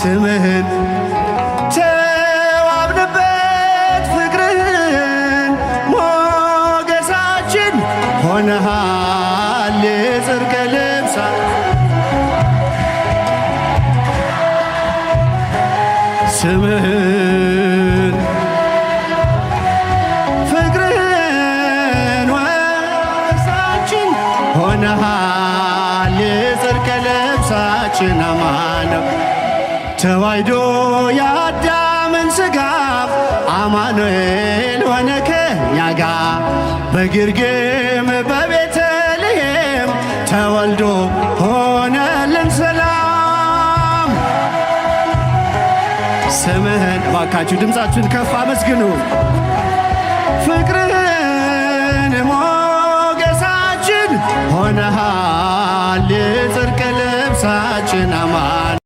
ስምህን ተዋብንበት ፍቅርህን ሞገሳችን ሆነሃል የጽድቅ ልብሳ ስምህን ፍቅርህን ወሳችን ሆነሃል የጽድቅ ልብሳችን አማነው ተባይዶ የአዳምን ስጋ አማኑኤል ሆነ ከኛ ጋ በግርግም በቤተልሔም ተወልዶ ሆነልን ሰላም። ስምህን ባካችሁ ድምፃችሁን ከፍ አመስግኑ ፍቅርህን ሞገሳችን ሆነሃል የጽድቅ ልብሳችን አማ